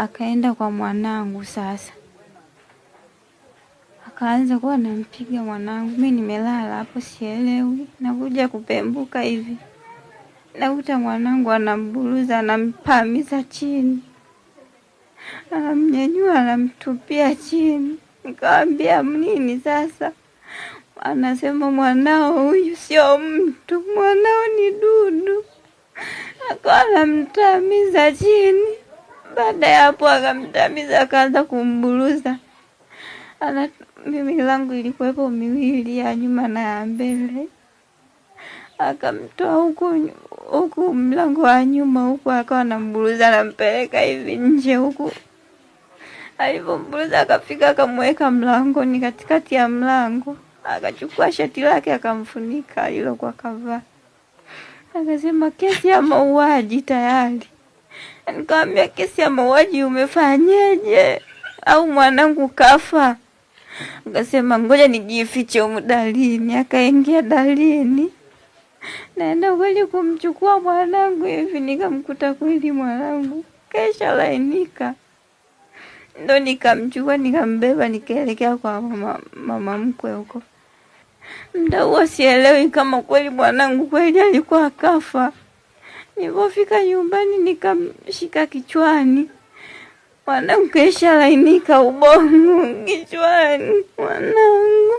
akaenda kwa mwanangu sasa, akaanza kuwa nampiga mwanangu. Mi nimelala hapo, sielewi. Nakuja kupembuka hivi, nakuta mwanangu anamburuza, anampamiza chini, anamnyanyua, anamtupia chini. Nikawambia mnini sasa? Anasema mwanao huyu sio mtu, mwanao ni dudu. Akawa anamtamiza chini baada ya hapo akamtamiza, akaanza kumburuza. Mimi langu ilikuwepo miwili ya nyuma na ya mbele, akamtoa huku huku mlango wa nyuma huku, akawa anamburuza, anampeleka hivi nje huku. Alivyomburuza akafika, akamweka mlangoni, katikati ya mlango akachukua shati lake akamfunika alilokuwa kavaa, akasema kesi ya mauaji tayari. Nikamwambia kesi ya mauaji umefanyaje? Au mwanangu kafa? Akasema ngoja nijifiche humu dalini. Akaingia dalini, naenda kweli kumchukua mwanangu hivi, nikamkuta kweli mwanangu kesha lainika, ndo nikamchukua nikambeba, nikaelekea kwa mama, mama mkwe huko. Mda huo sielewi kama kweli mwanangu kweli alikuwa kafa. Nilipofika nyumbani nikamshika kichwani, mwanangu kesha lainika ubongo kichwani, mwanangu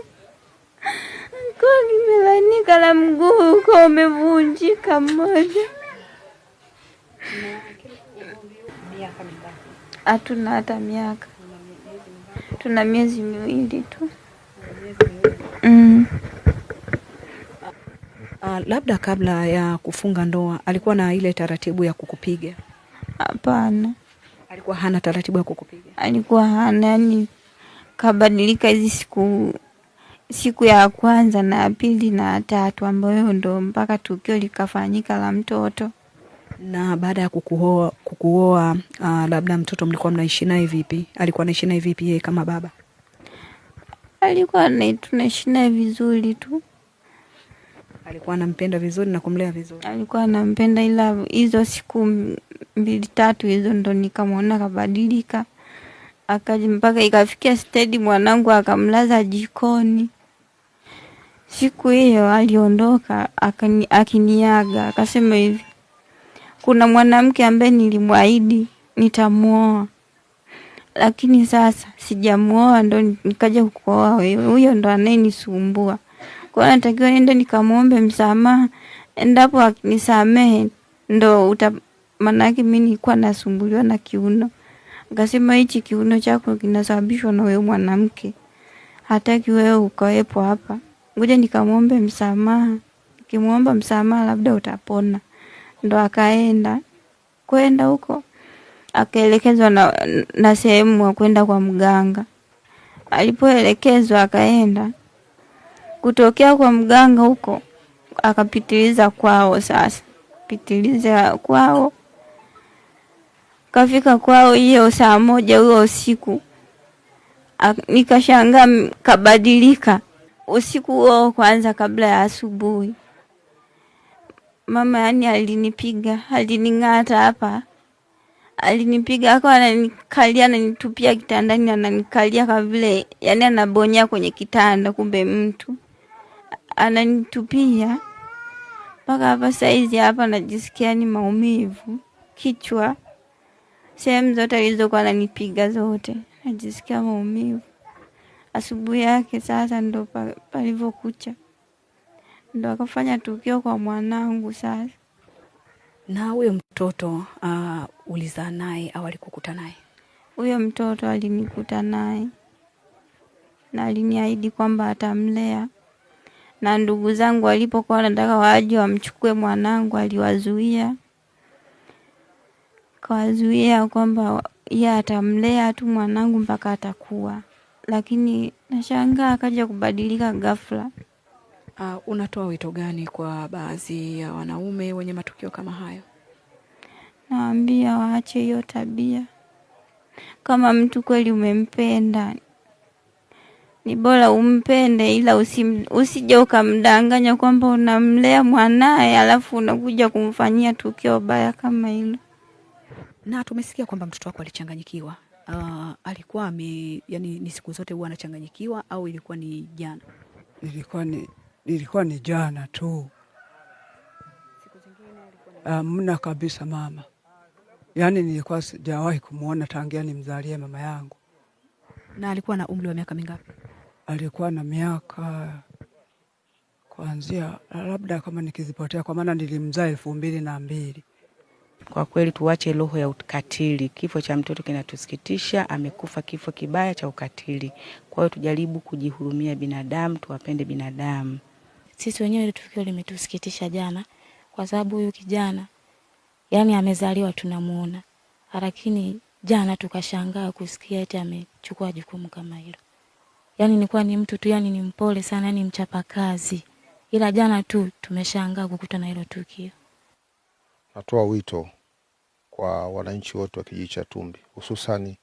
koo limelainika la mguu uko umevunjika mmoja. Hatuna hata miaka, tuna miezi miwili tu. labda kabla ya kufunga ndoa alikuwa na ile taratibu ya kukupiga? Hapana, alikuwa hana taratibu ya kukupiga, alikuwa hana yani, kabadilika hizi siku siku ya kwanza na pili na tatu, ambayo ndo mpaka tukio likafanyika la mtoto. Na baada ya kukuoa kukuoa, uh, labda mtoto mlikuwa mnaishi naye vipi? Alikuwa anaishi naye vipi yeye kama baba? Alikuwa tunaishi naye vizuri tu Alikuwa anampenda vizuri na kumlea vizuri. Alikuwa anampenda, ila hizo siku mbili tatu hizo ndo nikamwona kabadilika, akaji mpaka ikafikia stedi mwanangu akamlaza jikoni. Siku hiyo aliondoka akiniaga akasema hivi, kuna mwanamke ambaye nilimwahidi nitamwoa lakini sasa sijamwoa ndo nikaja kukuoa wewe. Huyo ndo anayenisumbua. Kwa hiyo natakiwa nenda nikamwombe msamaha, endapo akinisamehe ndo uta, manake mimi nilikuwa nasumbuliwa na kiuno. Akasema hichi kiuno chako kinasababishwa na wewe mwanamke, hataki wewe ukawepo hapa, ngoja nikamwombe msamaha, nikimwomba msamaha labda utapona. Ndo akaenda kwenda huko akaelekezwa na, na sehemu ya kwenda kwa mganga. Alipoelekezwa akaenda kutokea kwa mganga huko akapitiliza kwao. Sasa pitiliza kwao, kafika kwao hiyo saa moja huyo usiku, nikashangaa kabadilika usiku huo kwanza, kabla ya asubuhi. Mama yani alinipiga, alining'ata hapa, alinipiga akawa ananikalia, ananitupia kitandani, ananikalia kavile, yani anabonya kwenye kitanda, kumbe mtu ananitupia mpaka hapa saizi hapa, najisikia ni maumivu kichwa, sehemu zote alizokuwa ananipiga zote najisikia maumivu. Asubuhi yake sasa ndo palivyokucha, ndo akafanya tukio kwa mwanangu sasa. Na huyo mtoto uh, ulizaa naye au alikukuta naye? Huyo mtoto alinikuta naye na aliniahidi kwamba atamlea na ndugu zangu walipokuwa wanataka waje wamchukue mwanangu, aliwazuia, kawazuia kwamba ye atamlea tu mwanangu mpaka atakuwa, lakini nashangaa akaja kubadilika ghafla. Uh, unatoa wito gani kwa baadhi ya wanaume wenye matukio kama hayo? Nawaambia waache hiyo tabia. Kama mtu kweli umempenda ni bora umpende, ila usije ukamdanganya kwamba unamlea mwanaye alafu unakuja kumfanyia tukio baya kama hilo. Na tumesikia kwamba mtoto wako alichanganyikiwa. Uh, alikuwa ame, yani ni siku zote huwa anachanganyikiwa au ilikuwa ni jana? Ilikuwa ni, ilikuwa ni jana tu. amna um, kabisa mama, yaani nilikuwa sijawahi kumwona tangia nimzalie mama yangu na alikuwa na umri wa miaka mingapi? Alikuwa na miaka kuanzia labda kama nikizipotea, kwa maana nilimzaa elfu mbili na mbili. Kwa kweli tuwache roho ya ukatili. Kifo cha mtoto kinatusikitisha, amekufa kifo kibaya cha ukatili. Kwa hiyo tujaribu kujihurumia binadamu, tuwapende binadamu. Sisi wenyewe ile tukio limetusikitisha jana, kwa sababu huyu kijana yani amezaliwa tunamwona lakini Jana tukashangaa kusikia eti amechukua jukumu kama hilo. yani nikuwa ni mtu tu, yani ni mpole sana, yani mchapakazi, ila jana tu tumeshangaa kukuta na hilo tukio. Natoa wito kwa wananchi wote wa kijiji cha Tumbi, hususani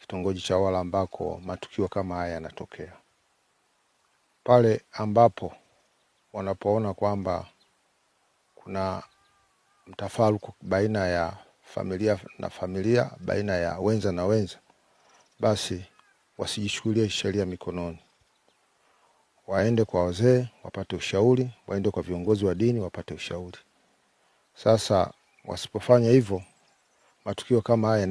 kitongoji cha Wala ambako matukio kama haya yanatokea, pale ambapo wanapoona kwamba kuna mtafaruku baina ya familia na familia, baina ya wenza na wenza, basi wasijishughulie sheria mikononi, waende kwa wazee wapate ushauri, waende kwa viongozi wa dini wapate ushauri. Sasa wasipofanya hivyo, matukio kama haya